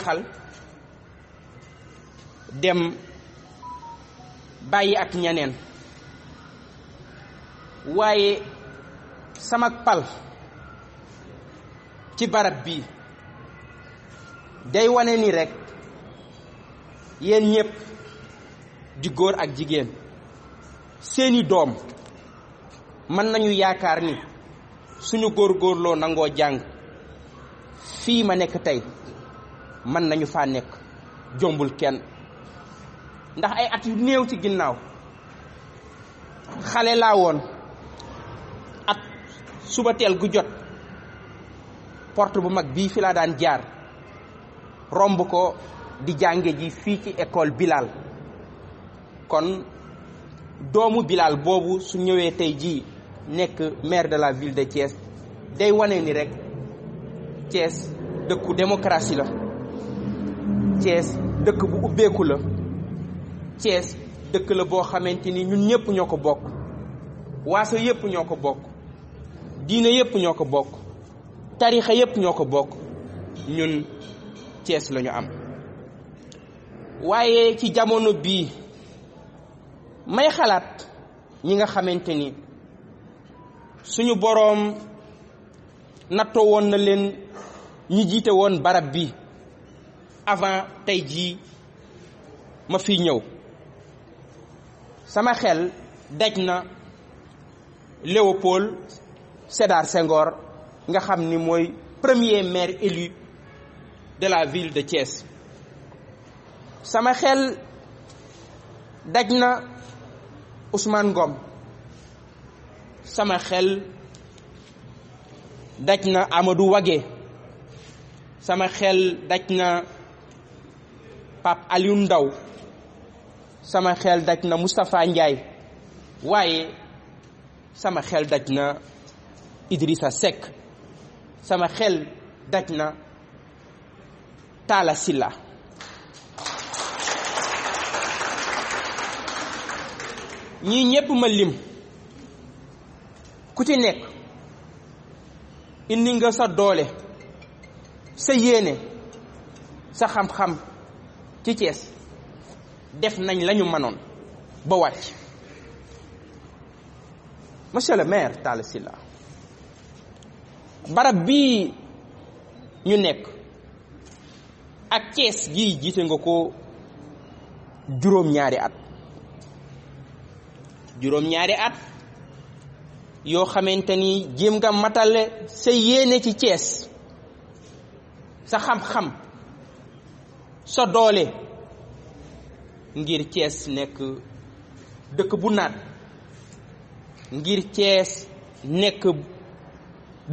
jeexal dem bàyyi ak ñeneen waaye sama pal ci barab bi day wane ni rekk yéen ñépp di góor ak jigéen seeni doom mën nañu yaakaar ni suñu góorloo nangoo jàng fii ma nekk tey man nañu fa nek jombul kenn ndax ay at yu néew ci ginnaw xalé la won at suba gu jot porte bu mag bi fi la daan jaar romb ko di jànge ji fi ci école bilal kon doomu bilal Bobu su ñëwee tay ji nek maire de la ville de thiès day wane ni rek thiès dëkku démocratie la Thiès dëkk bu ubbeeku la Thiès dëkk la boo xamante ni ñun ñëpp ñoo ko bokk waaso yëpp ñoo ko bokk diine yëpp ñoo ko bokk tarixa yépp ñoo ko bokk ñun cees la am waaye ci jamono bii may xalaat ñi nga xamante ni suñu boroom nattoo woon na leen ñi jiite woon barab bi avant tey ma fi ñew sama xel Léopold Sédar Senghor nga xamni premier maire élu de la ville de Thiès sama xel dajna Ousmane Ngom sama xel dajna Amadou Wage. sama xel Pape Aliou Ndaw sama xel daj na Moustapha njaay waaye sama xel daj na Idrissa Seck sama xel daj na Talla Sylla ñii ñépp ma lim ku ci nekk indi nga sa doole sa yéene sa xam-xam ci Thiès def nañ lañu ñu mënoon ba wàcc monsieur le maire Talla Sylla barab bii ñu nekk ak cees gii jiite nga ko juróom-ñaari at juróom-ñaari at yoo xamante ni jéem nga matale sa yéene ci Thiès sa xam-xam sa doole ngir Thiès nekk dëkk bu naat ngir Thiès nekk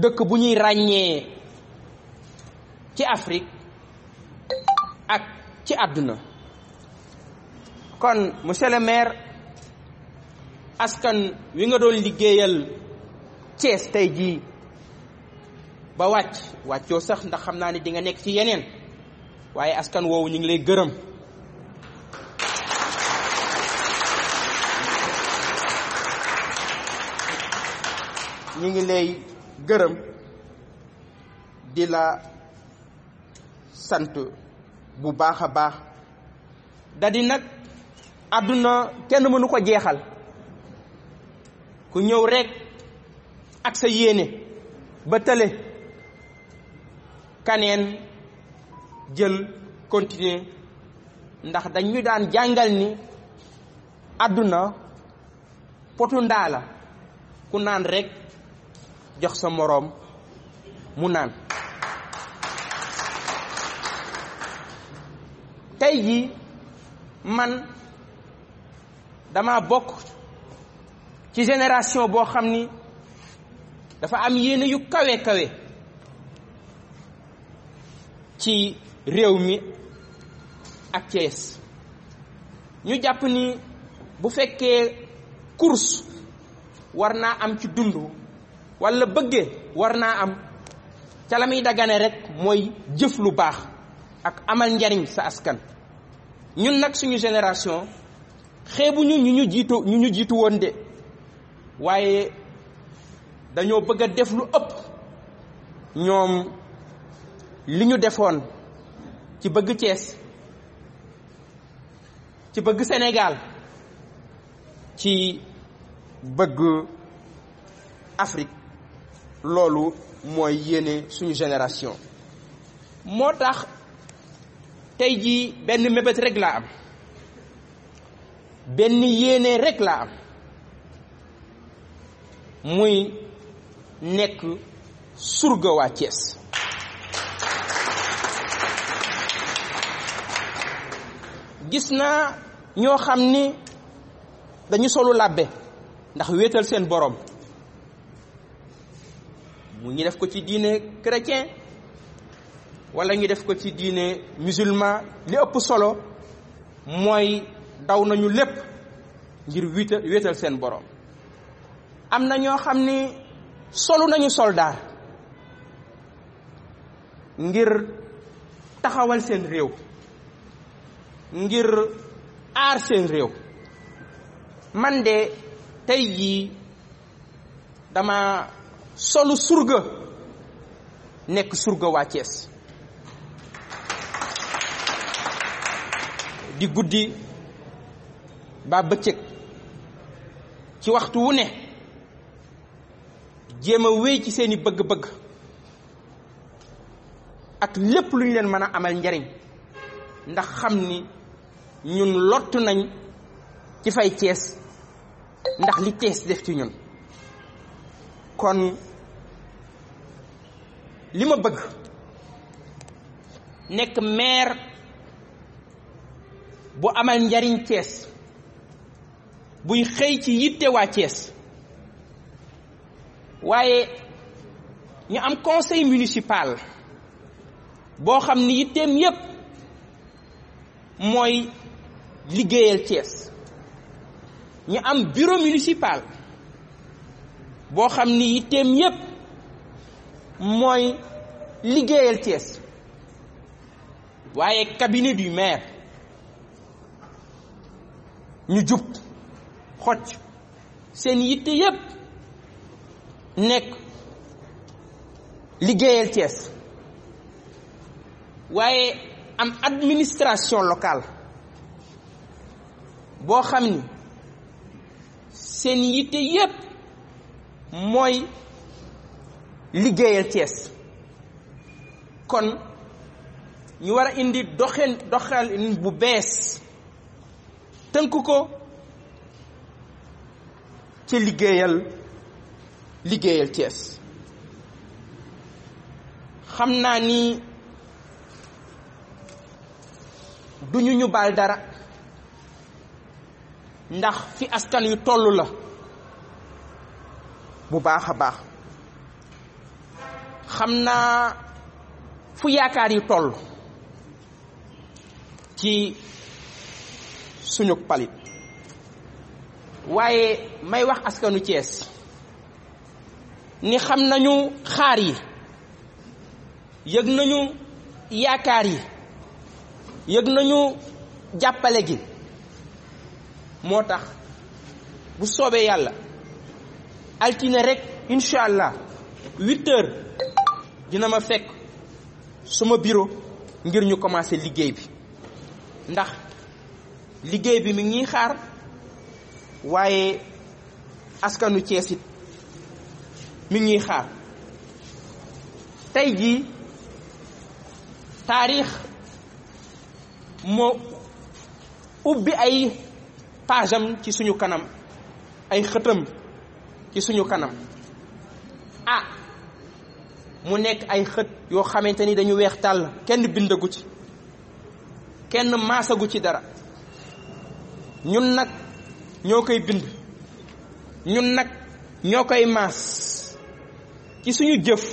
dëkk bu ñuy ràññee ci Afrique ak ci àdduna kon monsieur le maire askan wi nga doon liggéeyal Thiès tey jii ba wàcc wàccoo sax ndax xam naa di nga nekk ci yeneen waaye askan woowu ñu ngi lay gërëm ñu ngi lay gërëm di la sant bu baax a baax dadi nag àdduna kenn mënu ko jeexal ku ñëw rekk ak sa yéene ba tële kaneen jël continuer ndax dañ daan jàngal ni àdduna potu ndaa la ku naan rek jox sa moroom mu naan tey jii man dama bokk ci génération boo xam ni dafa am yéene yu kawe kawe ci réew mi ak Thiès ñu jàpp ni bu fekkee kurs war naa am ci dund walla bëggee war naa am ca la muy dagane rek mooy jëf lu baax ak amal njariñ sa askan ñun nag suñu génération xeebuñu ñu ñu jiitu ñu ñu jiitu woon de waaye dañoo bëgg a def lu ëpp ñoom li ñu defoon ci bëgg Thiès ci bëgg Sénégal ci bëgg Afrique loolu mooy yéene suñu génération moo tax tey jii benn mébét rekk laa am benn yéene rekk laa am muy nekk surga waa Thiès gis naa ñoo xam ni dañu solu làbbe ndax wéetal seen borom mu ñu def ko ci diine chrétien walla ñu def ko ci diine musulman li ëpp solo mooy daw nañu lépp ngir wéetal seen boroom am na ñoo xam ni solu nañu soldaar ngir taxawal seen réew ngir aar seen réew man de tey jii dama solu surga nekk surga waa Cees di guddi ba bëccëg ci waxtu wu ne jéem a wéy ci seeni bëgg-bëgg ak lépp lu ñu leen mën a amal njariñ ndax xam ni ñun lott nañ ci fay Cees ndax li Cees def ci ñun kon li ma bëgg nekk meer bu amal njariñ Cees buy xëy ci yitte waa Cees waaye ñu am conseil municipal boo xam ni yitteem yépp mooy liggéeyal Thiès ñu am bureau municipal boo xam ni yitteem yépp mooy liggéeyal Thiès waaye cabinet du maire ñu jub xocc seen yitte yépp nekk liggéeyal Thiès waaye am administration locale bo xamni ni seen yitte yépp mooy liggéeyal ties kon ñu war a indi doxen doxalin bu bees tënk ko ci liggéeyal liggéeyal ties xam naa ni duñu ñu bal dara ndax fi askan yu toll la bu baax a baax xam naa fu yaakaar yi toll ci suñu palit waaye may wax askanu Cees ni xam nañu xaar yi yëg nañu yaakaar yi yëg nañu jàppale gi moo tax bu soobee yàlla altine rek incha allah huit heures dina ma fekk suma bureau ngir ñu commencé liggéey bi ndax liggéey bi mi ngi xaar waaye askanu Cees it mi ngi xaar tey jii taarix moo ubbi ay paajam ci suñu kanam ay xëtam ci suñu kanam a ah, mu nekk ay xët yoo xamante ni dañu weex tàll kenn bindagu ci kenn maasagu ci dara ñun nag ñoo koy bind ñun nag ñoo koy maas ci suñu jëf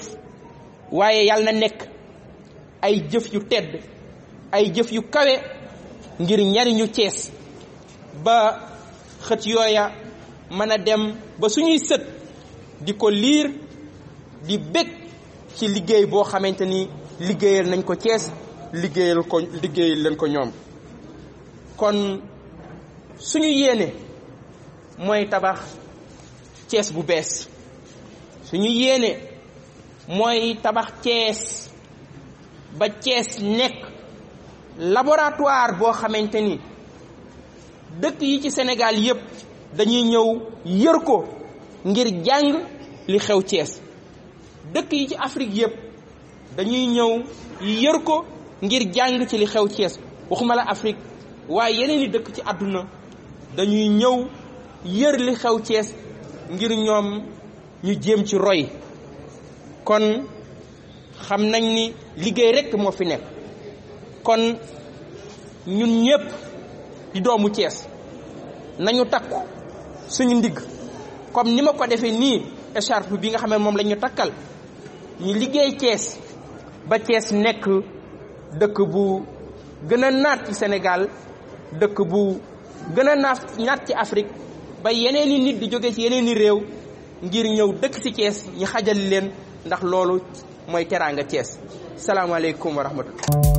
waaye yàlla na nekk ay jëf yu tedd ay jëf yu kawe ngir njariñu Cees ba xët yooya mën a dem ba suñuy sët di ko liir di bég ci liggéey boo xamante ni liggéeyal nañ ko Cees liggéeyal ko liggéey leen ko ñoom kon suñu yéene mooy tabax Cees bu bees suñu yéene mooy tabax Cees ba Cees nekk laboratoire boo xamante ni dëkk yi ci senegaal yépp dañuy ñëw yër ko ngir jàng li xew Cees dëkk yi ci Afrique yépp dañuy ñëw yër ko ngir jàng ci li xew Cees waxuma la Afrique waaye yeneen i dëkk ci àdduna dañuy ñëw yër li xew Cees ngir ñoom ñu jéem ci roy kon xam nañ ni liggéey rekk moo fi nekk kon ñun ñépp di doomu ties nañu takku suñu ndig comme ni ma ko defee nii écharpe bi nga xam ne moom la ñu takkal ñu liggéey ties ba ties nekk dëkk bu gën a naat ci Sénégal dëkk bu gën a naat naat ci Afrique ba yeneen nit di jóge ci yeneen i réew ngir ñëw dëkk ci ties ñu xajal leen ndax loolu mooy teraanga Thiès salaamaaleykum wa rahmatullah